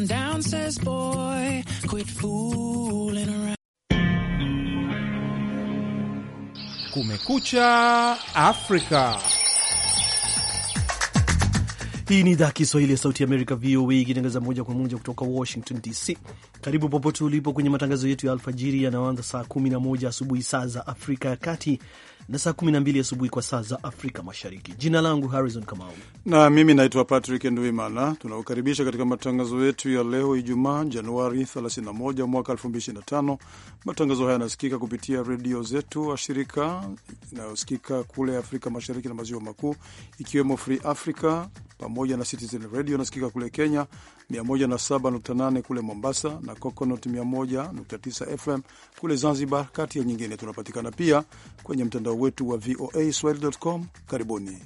come down, says boy, quit fooling around. Kumekucha Afrika. Hii ni idhaa Kiswahili ya Sauti ya Amerika, VOA, ikitangaza moja kwa moja kutoka Washington DC. Karibu popote ulipo kwenye matangazo yetu ya alfajiri yanayoanza saa 11 asubuhi saa za Afrika ya Kati na saa 12 asubuhi kwa saa za Afrika Mashariki. Jina langu Harrison Kamau na mimi naitwa Patrick Nduimana. Tunakukaribisha katika matangazo yetu ya leo Ijumaa, Januari 31 mwaka 2025. Matangazo haya yanasikika kupitia redio zetu washirika inayosikika kule Afrika Mashariki na Maziwa Makuu, ikiwemo Free Africa pamoja na Citizen Radio inasikika kule Kenya 107.8 kule Mombasa na Coconut 101.9 FM kule Zanzibar, kati ya nyingine. Tunapatikana pia kwenye mtandao wetu wa VOA swahili.com. Karibuni.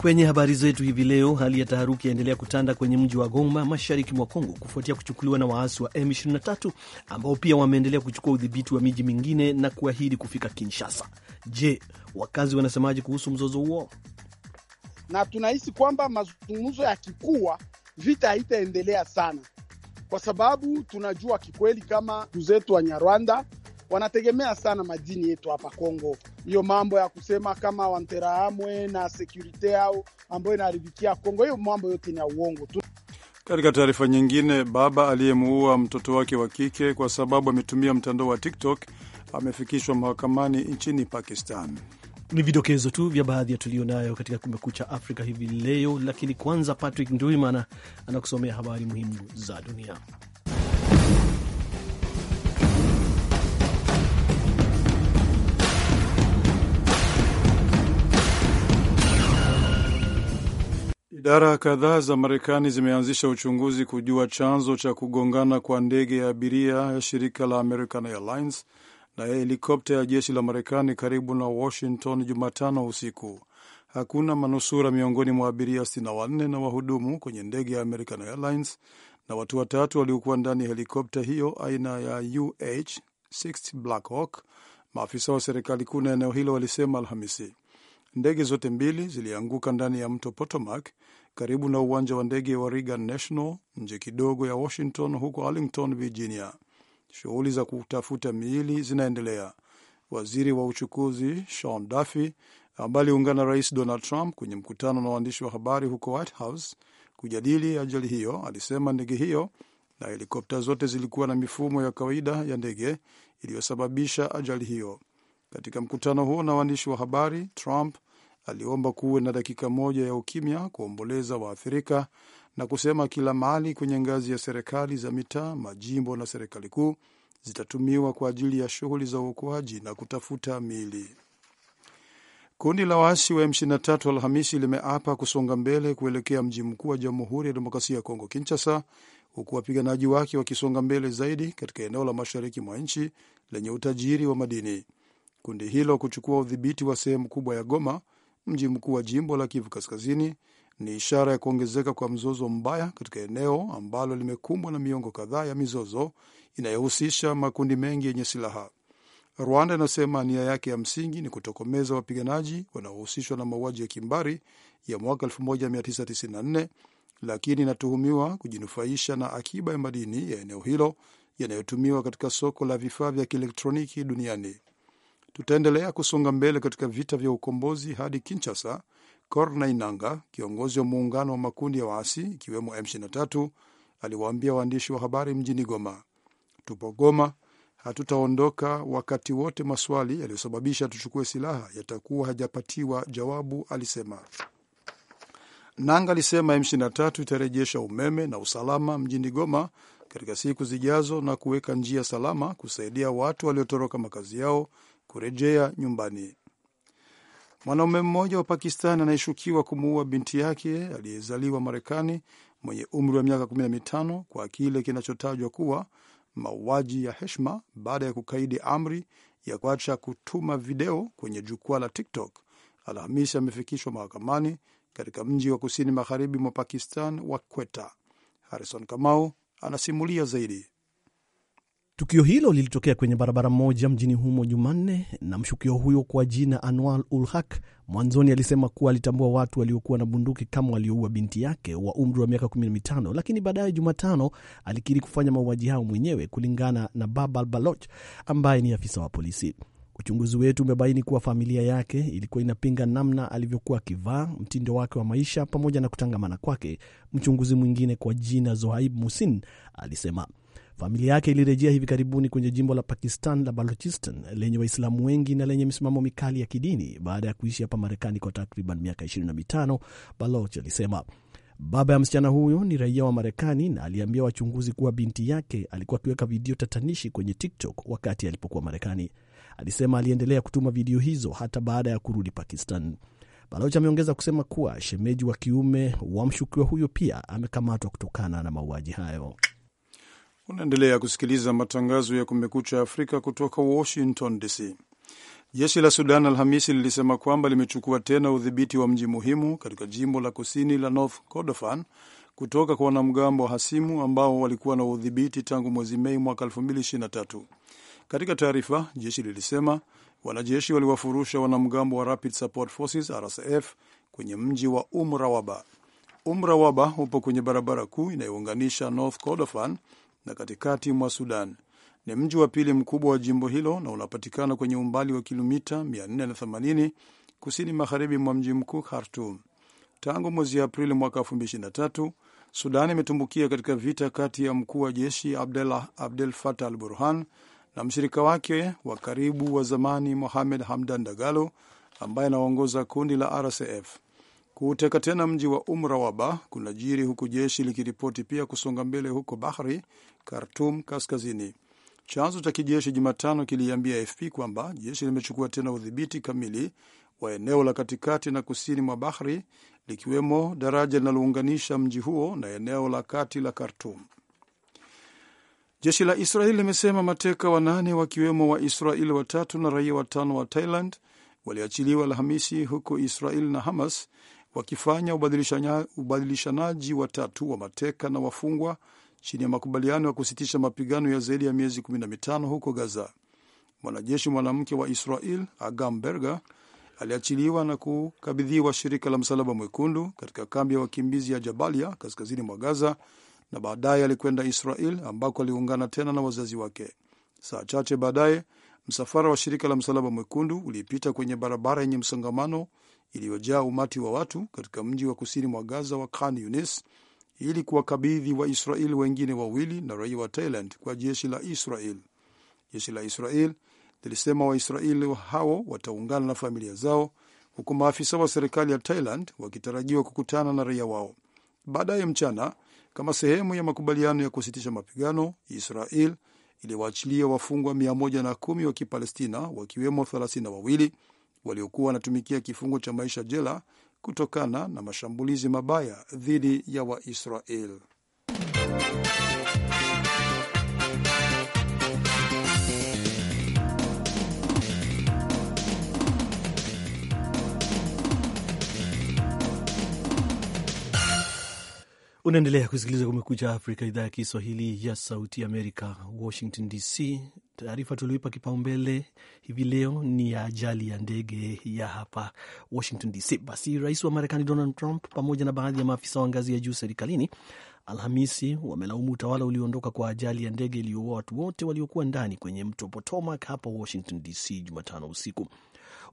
Kwenye habari zetu hivi leo, hali ya taharuki yaendelea kutanda kwenye mji wa Goma mashariki mwa Kongo kufuatia kuchukuliwa na waasi wa M23 ambao pia wameendelea kuchukua udhibiti wa miji mingine na kuahidi kufika Kinshasa. Je, wakazi wanasemaje kuhusu mzozo huo? Na tunahisi kwamba mazungumzo yakikuwa vita haitaendelea sana, kwa sababu tunajua kikweli kama kuzetu wa Nyarwanda wanategemea sana madini yetu hapa Kongo. Hiyo mambo ya kusema kama wanteraamwe na sekurite au ambayo inaharibikia Kongo, hiyo mambo yote ni ya uongo tu. Katika taarifa nyingine, baba aliyemuua mtoto wake wa kike kwa sababu ametumia mtandao wa TikTok amefikishwa mahakamani nchini Pakistan. Ni vidokezo tu vya baadhi ya tulionayo katika Kumekucha Afrika hivi leo, lakini kwanza Patrick Ndwimana anakusomea habari muhimu za dunia. Idara kadhaa za Marekani zimeanzisha uchunguzi kujua chanzo cha kugongana kwa ndege ya abiria ya shirika la American Airlines na helikopta ya jeshi la Marekani karibu na Washington Jumatano usiku. Hakuna manusura miongoni mwa abiria 64 na na wahudumu kwenye ndege ya American Airlines na watu watatu waliokuwa ndani ya helikopta hiyo aina ya UH-60 Black Hawk, maafisa wa serikali kuu na eneo hilo walisema Alhamisi. Ndege zote mbili zilianguka ndani ya mto Potomac karibu na uwanja wa ndege wa Reagan National nje kidogo ya Washington, huko Arlington, Virginia shughuli za kutafuta miili zinaendelea. Waziri wa uchukuzi Sean Duffy ambaye aliungana na Rais Donald Trump kwenye mkutano na waandishi wa habari huko White House kujadili ajali hiyo alisema ndege hiyo na helikopta zote zilikuwa na mifumo ya kawaida ya ndege iliyosababisha ajali hiyo. Katika mkutano huo na waandishi wa habari, Trump aliomba kuwe na dakika moja ya ukimya kuomboleza waathirika na kusema kila mali kwenye ngazi ya serikali za mitaa, majimbo na serikali kuu zitatumiwa kwa ajili ya shughuli za uokoaji na kutafuta mili Kundi la waasi wa M23 Alhamisi limeapa kusonga mbele kuelekea mji mkuu wa Jamhuri ya Demokrasia ya Kongo, Kinshasa, huku wapiganaji wake wakisonga mbele zaidi katika eneo la mashariki mwa nchi lenye utajiri wa madini. Kundi hilo kuchukua udhibiti wa sehemu kubwa ya Goma, mji mkuu wa jimbo la Kivu Kaskazini, ni ishara ya kuongezeka kwa mzozo mbaya katika eneo ambalo limekumbwa na miongo kadhaa ya mizozo inayohusisha makundi mengi yenye silaha. Rwanda inasema nia yake ya msingi ni kutokomeza wapiganaji wanaohusishwa na mauaji ya kimbari ya mwaka 1994 lakini inatuhumiwa kujinufaisha na akiba ya madini ya eneo hilo yanayotumiwa katika soko la vifaa vya kielektroniki duniani. Tutaendelea kusonga mbele katika vita vya ukombozi hadi Kinshasa Corney Nanga, kiongozi wa muungano wa makundi ya waasi ikiwemo M23, aliwaambia waandishi wa habari mjini Goma, tupo Goma, hatutaondoka wakati wote. Maswali yaliyosababisha tuchukue silaha yatakuwa hajapatiwa jawabu, alisema Nanga. Alisema M23 itarejesha umeme na usalama mjini Goma katika siku zijazo na kuweka njia salama kusaidia watu waliotoroka makazi yao kurejea nyumbani. Mwanaume mmoja wa Pakistan anayeshukiwa kumuua binti yake aliyezaliwa Marekani mwenye umri wa miaka 15 kwa kile kinachotajwa kuwa mauaji ya heshima baada ya kukaidi amri ya kuacha kutuma video kwenye jukwaa la TikTok Alhamisi amefikishwa mahakamani katika mji wa kusini magharibi mwa Pakistan wa Kweta. Harrison Kamau anasimulia zaidi. Tukio hilo lilitokea kwenye barabara moja mjini humo Jumanne, na mshukio huyo kwa jina Anwar ul Haq mwanzoni alisema kuwa alitambua watu waliokuwa na bunduki kama walioua binti yake wa umri wa miaka 15, lakini baadaye Jumatano alikiri kufanya mauaji hayo mwenyewe, kulingana na Babal Baloch ambaye ni afisa wa polisi. Uchunguzi wetu umebaini kuwa familia yake ilikuwa inapinga namna alivyokuwa akivaa, mtindo wake wa maisha, pamoja na kutangamana kwake, mchunguzi mwingine kwa jina Zohaib Musin alisema. Familia yake ilirejea hivi karibuni kwenye jimbo la Pakistan la Balochistan lenye Waislamu wengi na lenye misimamo mikali ya kidini baada ya kuishi hapa Marekani kwa takriban miaka 25, Baloch alisema. Baba ya msichana huyo ni raia wa Marekani na aliambia wachunguzi kuwa binti yake alikuwa akiweka video tatanishi kwenye TikTok wakati alipokuwa Marekani. Alisema aliendelea kutuma video hizo hata baada ya kurudi Pakistan. Baloch ameongeza kusema kuwa shemeji wa kiume wa mshukiwa huyo pia amekamatwa kutokana na mauaji hayo. Unaendelea kusikiliza matangazo ya Kumekucha Afrika kutoka Washington DC. Jeshi la Sudan Alhamisi lilisema kwamba limechukua tena udhibiti wa mji muhimu katika jimbo la kusini la North Kordofan kutoka kwa wanamgambo wa hasimu ambao walikuwa na udhibiti tangu mwezi Mei mwaka 2023. Katika taarifa, jeshi lilisema wanajeshi waliwafurusha wanamgambo wa Rapid Support Forces RSF kwenye mji wa Umrawaba. Umrawaba upo kwenye barabara kuu inayounganisha North Kordofan na katikati mwa Sudan. Ni mji wa pili mkubwa wa jimbo hilo na unapatikana kwenye umbali wa kilomita 480 kusini magharibi mwa mji mkuu Khartum. Tangu mwezi Aprili mwaka 2023 Sudan imetumbukia katika vita kati ya mkuu wa jeshi Abdallah Abdel Fatah al Burhan na mshirika wake wa karibu wa zamani Mohamed Hamdan Dagalo ambaye anaongoza kundi la RSF. Kuteka tena mji wa umra kuna kunajiri huku jeshi likiripoti pia kusonga mbele huko Bahri, Khartum Kaskazini. Chanzo cha kijeshi Jumatano kiliambia AFP kwamba jeshi limechukua tena udhibiti kamili wa eneo la katikati na kusini mwa Bahri, likiwemo daraja linalounganisha mji huo na eneo la kati la Khartum. Jeshi la Israel limesema mateka wanane wakiwemo Waisraeli watatu na raia watano wa Thailand waliachiliwa Alhamisi, huko Israel na Hamas wakifanya ubadilishanaji watatu wa mateka na wafungwa chini ya makubaliano ya kusitisha mapigano ya zaidi ya miezi 15 huko Gaza. Mwanajeshi mwanamke wa Israel Agam Berger aliachiliwa na kukabidhiwa shirika la Msalaba Mwekundu katika kambi ya wakimbizi ya Jabalia kaskazini mwa Gaza, na baadaye alikwenda Israel ambako aliungana tena na wazazi wake. Saa chache baadaye msafara wa shirika la Msalaba Mwekundu ulipita kwenye barabara yenye msongamano iliyojaa umati wa watu katika mji wa kusini mwa Gaza wa Khan Yunis ili kuwakabidhi waisrael wengine wawili na raia wa Thailand kwa jeshi la Israel. Jeshi la Israel lilisema Waisraeli hao wataungana na familia zao, huku maafisa wa serikali ya Thailand wakitarajiwa kukutana na raia wao baadaye mchana. Kama sehemu ya makubaliano ya kusitisha mapigano, Israel iliwaachilia wafungwa 110 wa Kipalestina, wakiwemo 32 waliokuwa wanatumikia kifungo cha maisha jela kutokana na mashambulizi mabaya dhidi ya Waisrael. Unaendelea kusikiliza Kumekucha Afrika, idhaa ya Kiswahili ya Sauti ya Amerika, Washington DC. Taarifa tulioipa kipaumbele hivi leo ni ya ajali ya ndege ya hapa Washington DC. Basi rais wa Marekani Donald Trump pamoja na baadhi ya maafisa wa ngazi ya juu serikalini Alhamisi wamelaumu utawala ulioondoka kwa ajali ya ndege iliyoua watu wote waliokuwa ndani kwenye mto Potomac hapa Washington DC Jumatano usiku.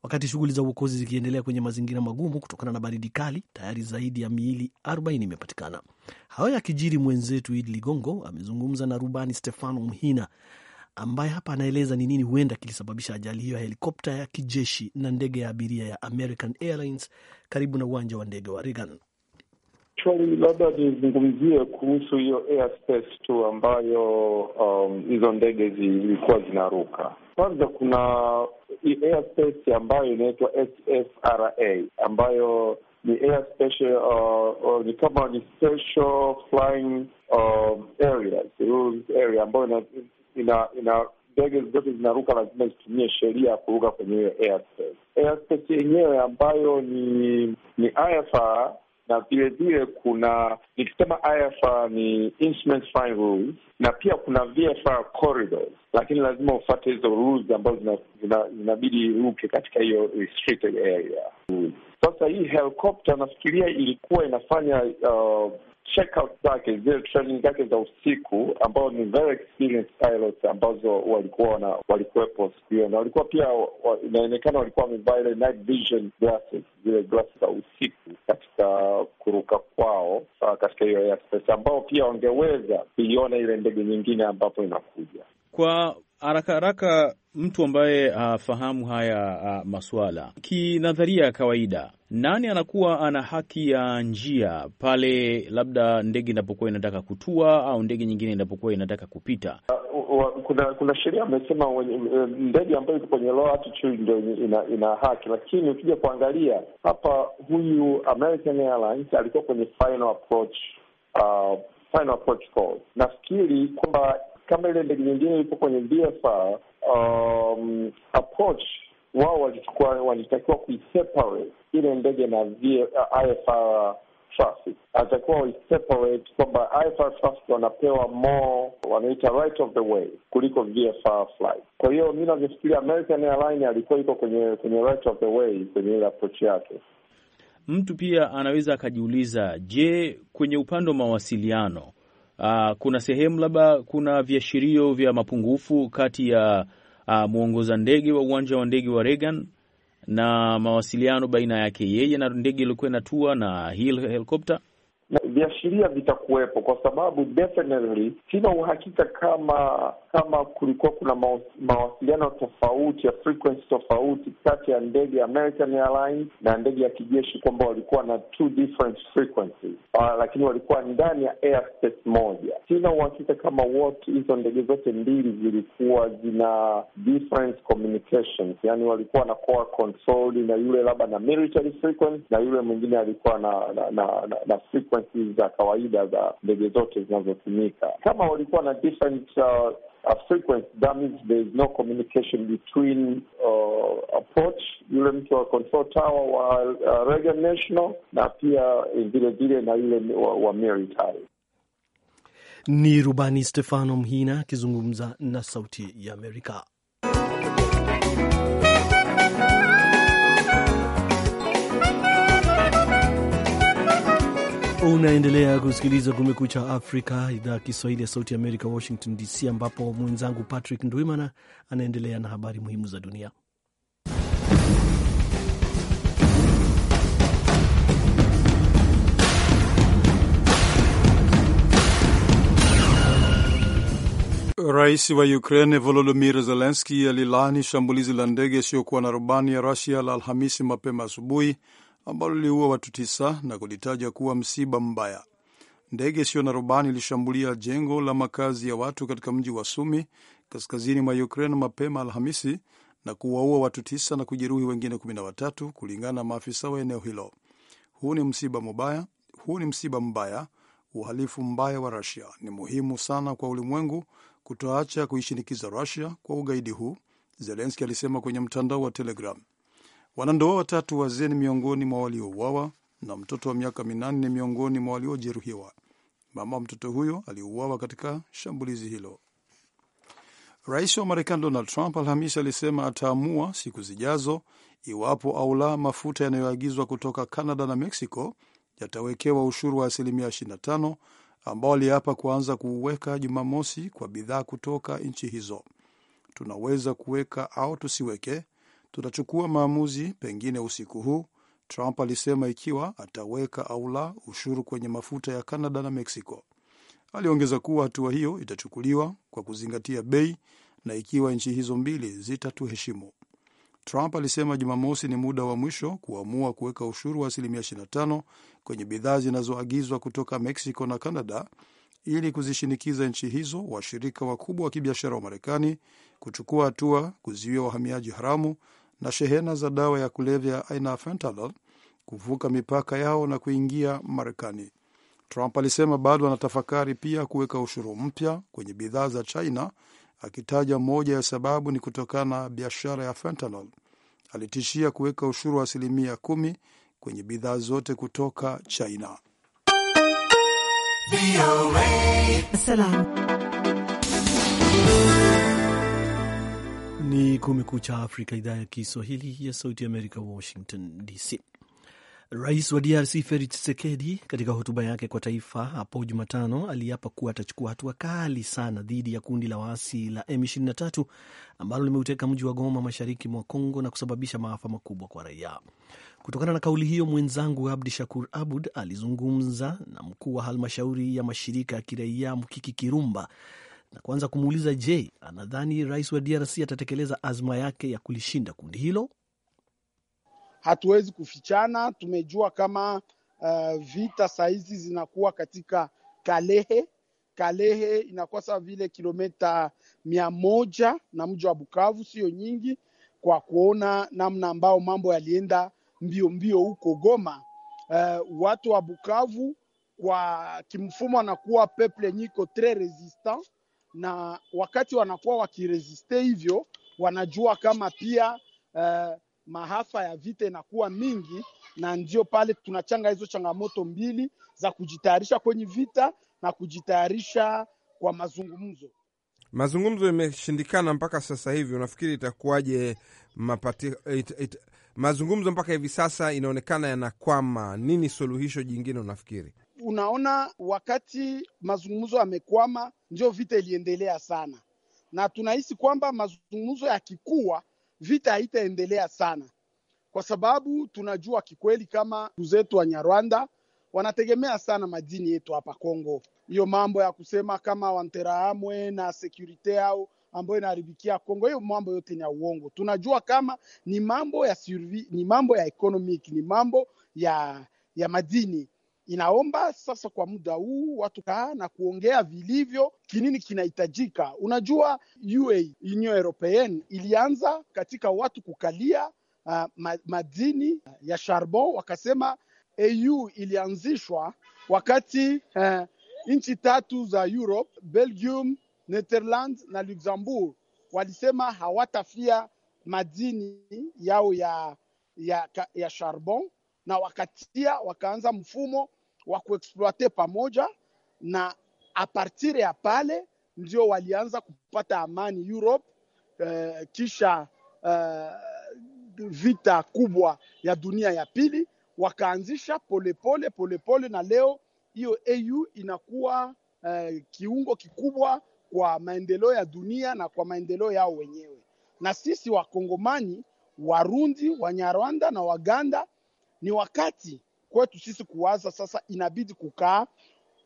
Wakati shughuli za uokozi zikiendelea kwenye mazingira magumu kutokana na baridi kali, tayari zaidi ya miili 40 imepatikana. Hayo yakijiri, mwenzetu Idi Ligongo amezungumza na rubani Stefano Mhina ambaye hapa anaeleza ni nini huenda kilisababisha ajali hiyo ya helikopta ya kijeshi na ndege ya abiria ya American Airlines karibu na uwanja wa ndege wa Reagan. Actually, labda nizungumzie kuhusu hiyo airspace tu ambayo um, hizo um, ndege zilikuwa zinaruka. Kwanza kuna airspace ambayo inaitwa SFRA ambayo ni uh, ni kama ni special flying uh, area ambayo ina ina ndege zote zinaruka lazima zitumie sheria ya kuruka kwenye hiyo airspace. Airspace yenyewe ambayo ni ni IFR na vilevile kuna nikisema IFR ni instrument flying rules, na pia kuna VFR corridors, lakini lazima ufate hizo rules ambazo zinabidi iruke katika hiyo restricted area. Sasa hii nafikiria ilikuwa inafanya uh, checkout zake zile training zake za usiku, ambao ni very experienced pilots ambazo walikuwa na walikuwepo siku hiyo, na walikuwa pia wa, inaonekana walikuwa wamevaa ile night vision glasses, zile glasi za usiku katika kuruka kwao uh, katika hiyo airspace, ambao pia wangeweza kuiona ile ndege nyingine ambapo inakuja kwa haraka haraka mtu ambaye afahamu uh, haya uh, maswala kinadharia ya kawaida, nani anakuwa ana haki ya njia pale labda ndege inapokuwa inataka kutua au ndege nyingine inapokuwa inataka kupita? Uh, kuna kuna sheria amesema eh, ndege ambayo iko kwenye low altitude ndio ina, ina haki, lakini ukija kuangalia hapa, huyu American Airlines alikuwa kwenye final approach uh, final approach call. Nafikiri kwamba kama ile ndege nyingine ipo kwenye VFR um, approach wao walichukua walitakiwa kuiseparate ile ndege na uh, IFR traffic, atakuwa waiseparate kwamba IFR traffic wanapewa more, wanaita right of the way kuliko VFR flight. Kwa hiyo mi navyofikiria American Airline alikuwa iko kwenye kwenye right of the way kwenye ile approach yake. Mtu pia anaweza akajiuliza, je, kwenye upande wa mawasiliano uh, kuna sehemu labda kuna viashirio vya mapungufu kati ya uh, mwongoza ndege wa uwanja wa ndege wa Reagan na mawasiliano baina yake yeye na ndege iliyokuwa inatua na hii helikopta viashiria vitakuwepo, kwa sababu definitely sina uhakika kama kama kulikuwa kuna mawasiliano tofauti ya frequency tofauti kati ya ndege ya American Airlines na ndege ya kijeshi, kwamba walikuwa na two different frequencies uh, lakini walikuwa ndani ya airspace moja. Sina uhakika kama wote hizo ndege zote mbili zilikuwa zina different communications, yani walikuwa wanakuwa na yule labda na military frequency na yule mwingine alikuwa na na, na, na, na frequencies za kawaida za ndege zote zinazotumika, kama walikuwa na different uh, are frequent. damage. there is no communication between uh, approach yule mtu wa control tower wa uh, Reagan National na pia vile vile na yule wa, wa military. Ni rubani Stefano Mhina akizungumza na Sauti ya Amerika. Unaendelea kusikiliza Kumekucha Afrika, idhaa ya Kiswahili ya Sauti Amerika, Washington DC, ambapo mwenzangu Patrick Ndwimana anaendelea na habari muhimu za dunia. Rais wa Ukraine Volodimir Zelenski alilaani shambulizi la ndege isiyokuwa na rubani ya Rusia la Alhamisi mapema asubuhi ambalo liliua watu tisa na kulitaja kuwa msiba mbaya. Ndege isiyo na rubani ilishambulia jengo la makazi ya watu katika mji wa Sumi kaskazini mwa Ukraine mapema Alhamisi na kuwaua watu tisa na kujeruhi wengine kumi na watatu kulingana na maafisa wa eneo hilo. Huu ni msiba mbaya, huu ni msiba mbaya, uhalifu mbaya wa rasia Ni muhimu sana kwa ulimwengu kutoacha kuishinikiza rusia kwa ugaidi huu, Zelenski alisema kwenye mtandao wa Telegram. Wanandoa watatu wazee ni miongoni mwa waliouawa na mtoto wa miaka minane ni miongoni mwa waliojeruhiwa. Mama wa mtoto huyo aliuawa katika shambulizi hilo. Rais wa Marekani Donald Trump Alhamisi alisema ataamua siku zijazo iwapo au la mafuta yanayoagizwa kutoka Canada na Mexico yatawekewa ushuru wa asilimia 25 ambao aliapa kuanza kuuweka Jumamosi kwa bidhaa kutoka nchi hizo. Tunaweza kuweka au tusiweke, Tutachukua maamuzi pengine usiku huu, Trump alisema, ikiwa ataweka au la ushuru kwenye mafuta ya Canada na Mexico. Aliongeza kuwa hatua hiyo itachukuliwa kwa kuzingatia bei na ikiwa nchi hizo mbili zitatuheshimu. Trump alisema Jumamosi ni muda wa mwisho kuamua kuweka ushuru wa asilimia 25 kwenye bidhaa zinazoagizwa kutoka Mexico na Canada ili kuzishinikiza nchi hizo, washirika wakubwa wa kibiashara wa Marekani, kuchukua hatua kuzuia wahamiaji haramu na shehena za dawa ya kulevya aina ya fentanyl kuvuka mipaka yao na kuingia Marekani. Trump alisema bado anatafakari pia kuweka ushuru mpya kwenye bidhaa za China, akitaja moja ya sababu ni kutokana na biashara ya fentanyl. Alitishia kuweka ushuru wa asilimia kumi kwenye bidhaa zote kutoka China. Salam. Ni Kumekucha Afrika, idhaa ya Kiswahili ya Sauti Amerika, Washington DC. Rais wa DRC Feri Chisekedi katika hotuba yake kwa taifa hapo Jumatano aliapa kuwa atachukua hatua kali sana dhidi ya kundi la waasi la M23 ambalo limeuteka mji wa Goma mashariki mwa congo na kusababisha maafa makubwa kwa raia. Kutokana na kauli hiyo, mwenzangu Abdi Shakur Abud alizungumza na mkuu wa halmashauri ya mashirika ya kiraia Mkiki Kirumba na kuanza kumuuliza je, anadhani rais wa DRC atatekeleza azma yake ya kulishinda kundi hilo? Hatuwezi kufichana, tumejua kama uh, vita sahizi zinakuwa katika Kalehe. Kalehe inakuwa sawa vile kilometa mia moja na mji wa Bukavu, sio nyingi, kwa kuona namna ambayo mambo yalienda mbio mbio huko Goma. Uh, watu wa Bukavu kwa kimfumo anakuwa peple nyiko tres resistant na wakati wanakuwa wakiresiste hivyo, wanajua kama pia uh, eh, maafa ya vita inakuwa mingi, na ndio pale tunachanga hizo changamoto mbili za kujitayarisha kwenye vita na kujitayarisha kwa mazungumzo. Mazungumzo yameshindikana mpaka sasa hivi, unafikiri itakuwaje? mapati it, it, mazungumzo mpaka hivi sasa inaonekana yanakwama. Nini suluhisho jingine unafikiri? unaona wakati mazungumzo yamekwama, ndio vita iliendelea sana, na tunahisi kwamba mazungumzo yakikuwa vita haitaendelea sana, kwa sababu tunajua kikweli kama ndugu zetu wa Nyarwanda wanategemea sana madini yetu hapa Kongo. Hiyo mambo ya kusema kama wanteraamwe na sekurite au ambayo inaharibikia Kongo, hiyo mambo yote ni ya uongo. Tunajua kama ni mambo ya survi, ni mambo ya economic, ni mambo ya ya madini inaomba sasa kwa muda huu watu kaa na kuongea vilivyo, kinini kinahitajika. Unajua, UA Union Europeenne ilianza katika watu kukalia uh, madini ya charbon, wakasema au ilianzishwa wakati uh, nchi tatu za Europe, Belgium, Netherlands na Luxembourg walisema hawatafia madini yao ya, ya, ya charbon na wakatia wakaanza mfumo wa kuexploite pamoja, na partir ya pale ndio walianza kupata amani Europe. Uh, kisha uh, vita kubwa ya dunia ya pili wakaanzisha polepole polepole pole, na leo hiyo AU inakuwa uh, kiungo kikubwa kwa maendeleo ya dunia na kwa maendeleo yao wenyewe. Na sisi Wakongomani, Warundi, Wanyarwanda na Waganda, ni wakati kwetu sisi kuwaza sasa, inabidi kukaa,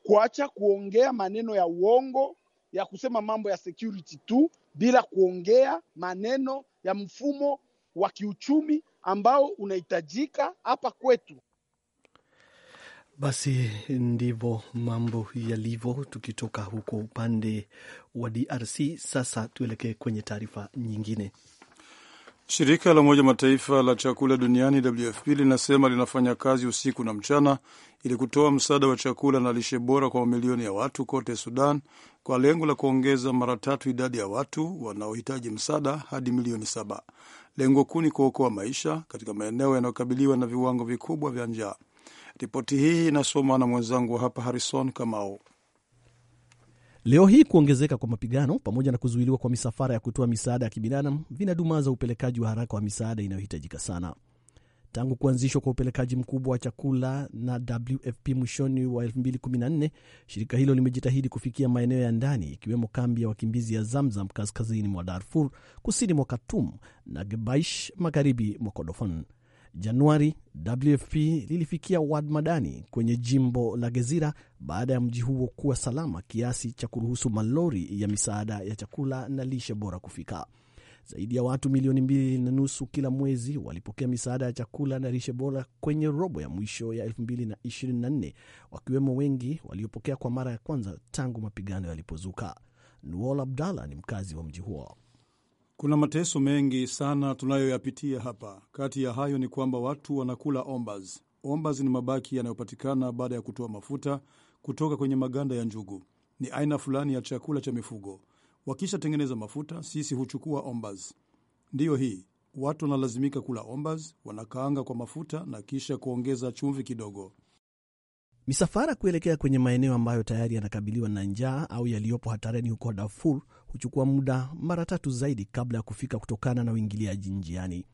kuacha kuongea maneno ya uongo ya kusema mambo ya security tu bila kuongea maneno ya mfumo wa kiuchumi ambao unahitajika hapa kwetu. Basi ndivyo mambo yalivyo, tukitoka huko upande wa DRC. Sasa tuelekee kwenye taarifa nyingine. Shirika la Umoja Mataifa la chakula duniani WFP linasema linafanya kazi usiku na mchana ili kutoa msaada wa chakula na lishe bora kwa mamilioni ya watu kote Sudan kwa lengo la kuongeza mara tatu idadi ya watu wanaohitaji msaada hadi milioni saba. Lengo kuu ni kuokoa maisha katika maeneo yanayokabiliwa na viwango vikubwa vya njaa. Ripoti hii inasomwa na mwenzangu hapa Harrison Kamau. Leo hii kuongezeka kwa mapigano pamoja na kuzuiliwa kwa misafara ya kutoa misaada ya kibinadamu vinadumaza upelekaji wa haraka wa misaada inayohitajika sana. Tangu kuanzishwa kwa upelekaji mkubwa wa chakula na WFP mwishoni wa 2014 shirika hilo limejitahidi kufikia maeneo ya ndani ikiwemo kambi ya wakimbizi ya Zamzam kaskazini mwa Darfur, kusini mwa Khartoum na Gebaish magharibi mwa Kordofan. Januari, WFP lilifikia Wad Madani kwenye jimbo la Gezira baada ya mji huo kuwa salama kiasi cha kuruhusu malori ya misaada ya chakula na lishe bora kufika. Zaidi ya watu milioni mbili na nusu kila mwezi walipokea misaada ya chakula na lishe bora kwenye robo ya mwisho ya 2024 wakiwemo wengi waliopokea kwa mara ya kwanza tangu mapigano yalipozuka. Nuol Abdalla ni mkazi wa mji huo. Kuna mateso mengi sana tunayoyapitia hapa. Kati ya hayo ni kwamba watu wanakula ombas. Ombas ni mabaki yanayopatikana baada ya kutoa mafuta kutoka kwenye maganda ya njugu. Ni aina fulani ya chakula cha mifugo. Wakishatengeneza mafuta, sisi huchukua ombas. Ndiyo hii, watu wanalazimika kula ombas, wanakaanga kwa mafuta na kisha kuongeza chumvi kidogo. Misafara kuelekea kwenye maeneo ambayo tayari yanakabiliwa na njaa au yaliyopo hatarini huko Darfur huchukua muda mara tatu zaidi kabla ya kufika kutokana na uingiliaji njiani.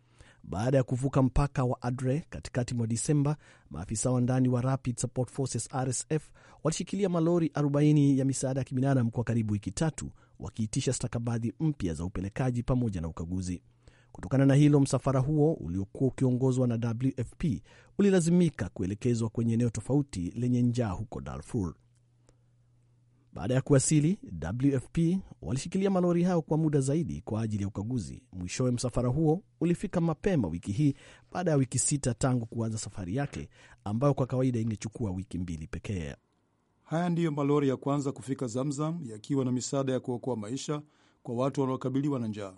Baada ya kuvuka mpaka wa Adre katikati mwa Disemba, maafisa wa ndani wa Rapid Support Forces RSF walishikilia malori 40 ya misaada ya kibinadamu kwa karibu wiki tatu, wakiitisha stakabadhi mpya za upelekaji pamoja na ukaguzi. Kutokana na hilo, msafara huo uliokuwa ukiongozwa na WFP ulilazimika kuelekezwa kwenye eneo tofauti lenye njaa huko Darfur. Baada ya kuwasili, WFP walishikilia malori hayo kwa muda zaidi kwa ajili ya ukaguzi. Mwishowe, msafara huo ulifika mapema wiki hii baada ya wiki sita tangu kuanza safari yake ambayo kwa kawaida ingechukua wiki mbili pekee. Haya ndiyo malori ya kwanza kufika Zamzam, yakiwa na misaada ya kuokoa maisha kwa watu wanaokabiliwa na njaa.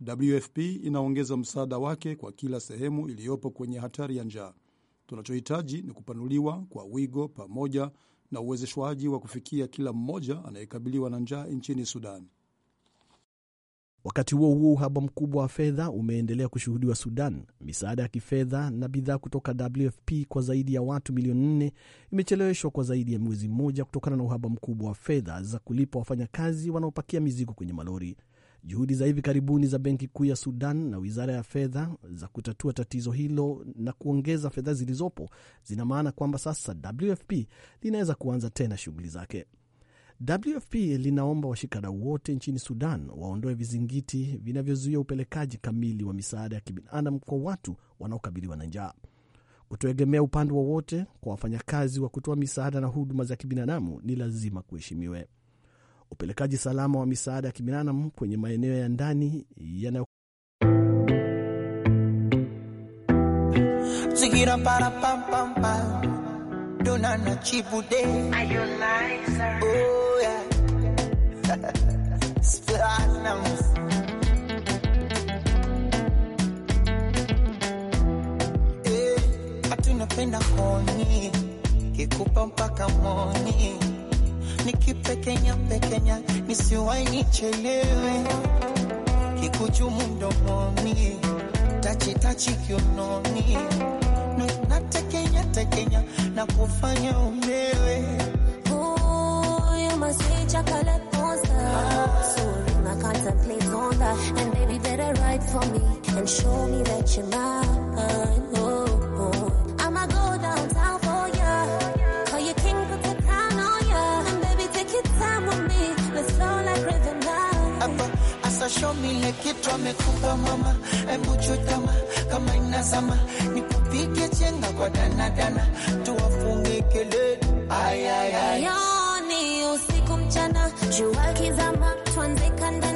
WFP inaongeza msaada wake kwa kila sehemu iliyopo kwenye hatari ya njaa. Tunachohitaji ni kupanuliwa kwa wigo pamoja na uwezeshwaji wa kufikia kila mmoja anayekabiliwa na njaa nchini Sudan. Wakati huo huo, uhaba mkubwa wa fedha umeendelea kushuhudiwa Sudan. Misaada ya kifedha na bidhaa kutoka WFP kwa zaidi ya watu milioni nne imecheleweshwa kwa zaidi ya mwezi mmoja kutokana na uhaba mkubwa wa fedha za kulipa wafanyakazi wanaopakia mizigo kwenye malori. Juhudi za hivi karibuni za Benki Kuu ya Sudan na Wizara ya Fedha za kutatua tatizo hilo na kuongeza fedha zilizopo zina maana kwamba sasa WFP linaweza kuanza tena shughuli zake. WFP linaomba washikadau wote nchini Sudan waondoe vizingiti vinavyozuia upelekaji kamili wa misaada ya kibinadamu kwa watu wanaokabiliwa na njaa, kutoegemea upande wowote kwa wafanyakazi wa kutoa misaada na huduma za kibinadamu ni lazima kuheshimiwe upelekaji salama wa misaada ya kibinadamu kwenye maeneo ya ndani yanayo oh, eh, kikupa mpaka moni nikipekenya pekenya nisiwai nichelewe, kikuchumu mdomoni, tachitachi kiunoni, natekenya tekenya na kufanya umewe oh, kitu amekupa mama, embu chutama kama inazama, nikupike chenga kwa danadana, tuwafunge kelele ayayayoni usiku mchana, jua kizama, twanze kanda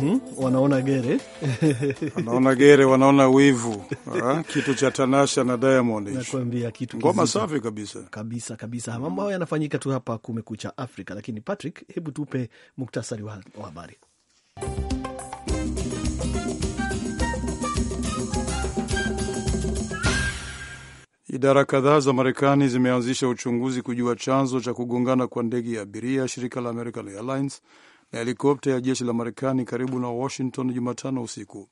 -hmm. Wanaona gere wanaona gere, wanaona wivu eh? kitu cha Tanasha na Diamond, nakwambia kitu ngoma safi kabisa kabisa kabisa. Mhm. Mambo mm hayo yanafanyika tu hapa Kumekucha Afrika. Lakini Patrick, hebu tupe muktasari wa habari. Idara kadhaa za Marekani zimeanzisha uchunguzi kujua chanzo cha kugongana kwa ndege ya abiria shirika la American Airlines na helikopta ya jeshi la Marekani karibu na Washington Jumatano usiku.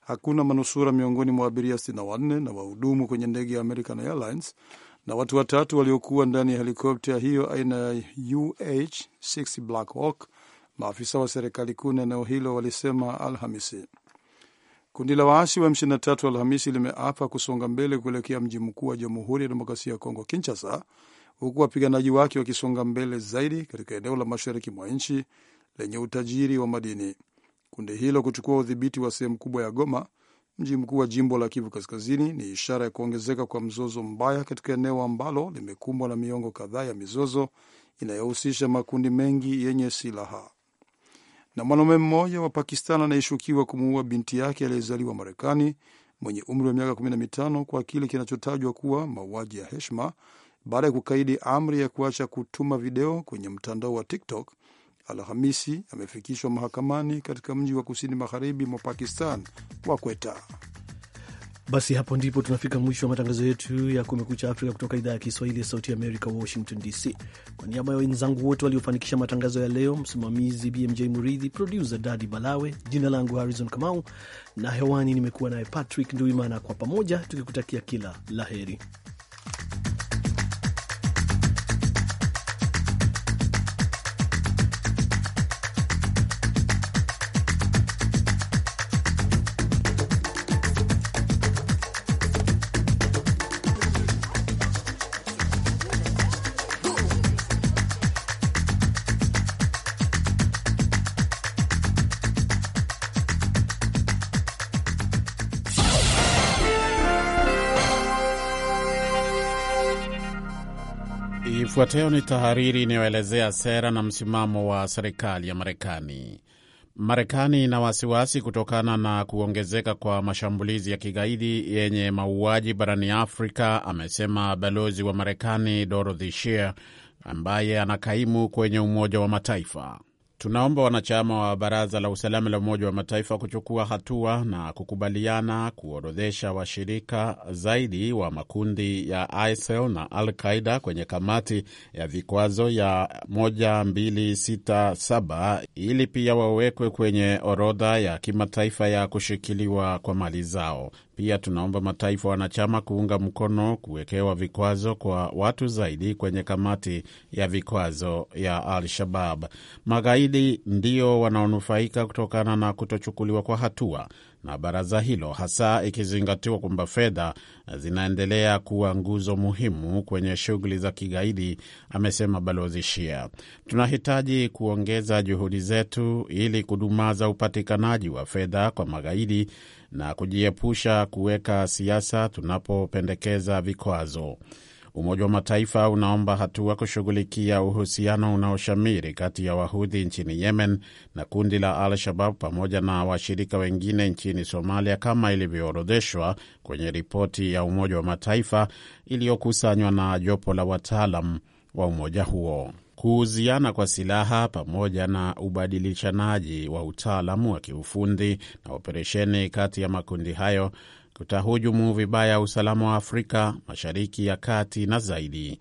Hakuna manusura miongoni mwa abiria 64 na na wahudumu kwenye ndege ya American Airlines na watu watatu waliokuwa ndani ya helikopta hiyo aina ya UH-60 Black Hawk, maafisa wa serikali kuu na eneo hilo walisema Alhamisi. Kundi la waasi wa M23 Alhamisi limeapa kusonga mbele kuelekea mji mkuu wa Jamhuri ya Demokrasia ya Kongo, Kinshasa, huku wapiganaji wake wakisonga mbele zaidi katika eneo la mashariki mwa nchi lenye utajiri wa madini. Kundi hilo kuchukua udhibiti wa sehemu kubwa ya Goma, mji mkuu wa jimbo la Kivu Kaskazini, ni ishara ya kuongezeka kwa mzozo mbaya katika eneo ambalo limekumbwa na miongo kadhaa ya mizozo inayohusisha makundi mengi yenye silaha. Na mwanaume mmoja wa Pakistan anayeshukiwa kumuua binti yake aliyezaliwa Marekani mwenye umri wa miaka 15 kwa kile kinachotajwa kuwa mauaji ya heshima baada ya kukaidi amri ya kuacha kutuma video kwenye mtandao wa TikTok Alhamisi amefikishwa mahakamani katika mji wa kusini magharibi mwa Pakistan wa Kweta. Basi hapo ndipo tunafika mwisho wa matangazo yetu ya Kumekucha Afrika kutoka idhaa ya Kiswahili ya Sauti Amerika, Washington DC. Kwa niaba ya wenzangu wote waliofanikisha matangazo ya leo, msimamizi BMJ Muridhi, produsa Dadi Balawe, jina langu Harrison Kamau na hewani nimekuwa naye Patrick Nduimana, kwa pamoja tukikutakia kila la heri. Ifuatayo ni tahariri inayoelezea sera na msimamo wa serikali ya Marekani. Marekani ina wasiwasi kutokana na kuongezeka kwa mashambulizi ya kigaidi yenye mauaji barani Afrika, amesema balozi wa Marekani Dorothy Shea ambaye anakaimu kwenye Umoja wa Mataifa. Tunaomba wanachama wa Baraza la Usalama la Umoja wa Mataifa kuchukua hatua na kukubaliana kuorodhesha washirika zaidi wa makundi ya ISIL na Al Qaida kwenye kamati ya vikwazo ya 1267 ili pia wawekwe kwenye orodha ya kimataifa ya kushikiliwa kwa mali zao. Pia tunaomba mataifa wanachama kuunga mkono kuwekewa vikwazo kwa watu zaidi kwenye kamati ya vikwazo ya Al-Shabab zaidi ndio wanaonufaika kutokana na kutochukuliwa kwa hatua na baraza hilo, hasa ikizingatiwa kwamba fedha zinaendelea kuwa nguzo muhimu kwenye shughuli za kigaidi, amesema Balozi Shia. Tunahitaji kuongeza juhudi zetu ili kudumaza upatikanaji wa fedha kwa magaidi na kujiepusha kuweka siasa tunapopendekeza vikwazo. Umoja wa Mataifa unaomba hatua kushughulikia uhusiano unaoshamiri kati ya Wahudhi nchini Yemen na kundi la Al-Shabab pamoja na washirika wengine nchini Somalia kama ilivyoorodheshwa kwenye ripoti ya Umoja wa Mataifa iliyokusanywa na jopo la wataalam wa umoja huo. Kuuziana kwa silaha pamoja na ubadilishanaji wa utaalamu wa kiufundi na operesheni kati ya makundi hayo kutahujumu vibaya usalama wa Afrika Mashariki ya Kati na zaidi.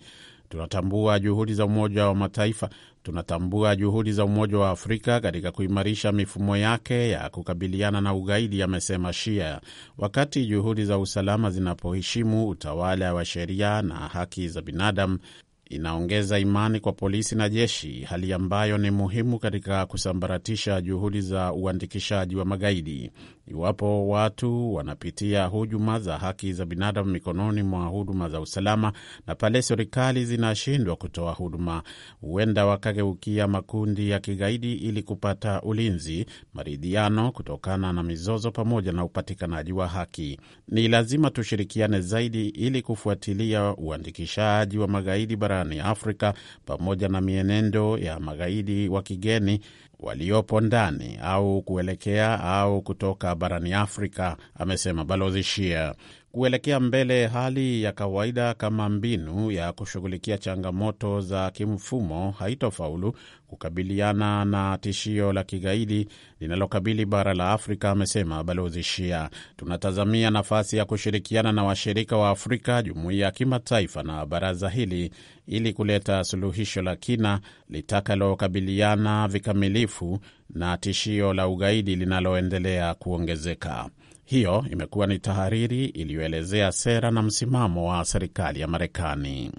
Tunatambua juhudi za Umoja wa Mataifa, tunatambua juhudi za Umoja wa Afrika katika kuimarisha mifumo yake ya kukabiliana na ugaidi, amesema Shia. Wakati juhudi za usalama zinapoheshimu utawala wa sheria na haki za binadamu, inaongeza imani kwa polisi na jeshi, hali ambayo ni muhimu katika kusambaratisha juhudi za uandikishaji wa magaidi. Iwapo watu wanapitia hujuma za haki za binadamu mikononi mwa huduma za usalama, na pale serikali zinashindwa kutoa huduma, huenda wakageukia makundi ya kigaidi ili kupata ulinzi, maridhiano kutokana na mizozo, pamoja na upatikanaji wa haki. Ni lazima tushirikiane zaidi ili kufuatilia uandikishaji wa magaidi bara barani Afrika pamoja na mienendo ya magaidi wa kigeni waliopo ndani au kuelekea au kutoka barani Afrika, amesema Balozi Shia kuelekea mbele hali ya kawaida kama mbinu ya kushughulikia changamoto za kimfumo haitofaulu kukabiliana na tishio la kigaidi linalokabili bara la Afrika, amesema Balozi Shia. Tunatazamia nafasi ya kushirikiana na washirika wa Afrika, jumuiya ya kimataifa na baraza hili ili kuleta suluhisho la kina litakalokabiliana vikamilifu na tishio la ugaidi linaloendelea kuongezeka. Hiyo imekuwa ni tahariri iliyoelezea sera na msimamo wa serikali ya Marekani.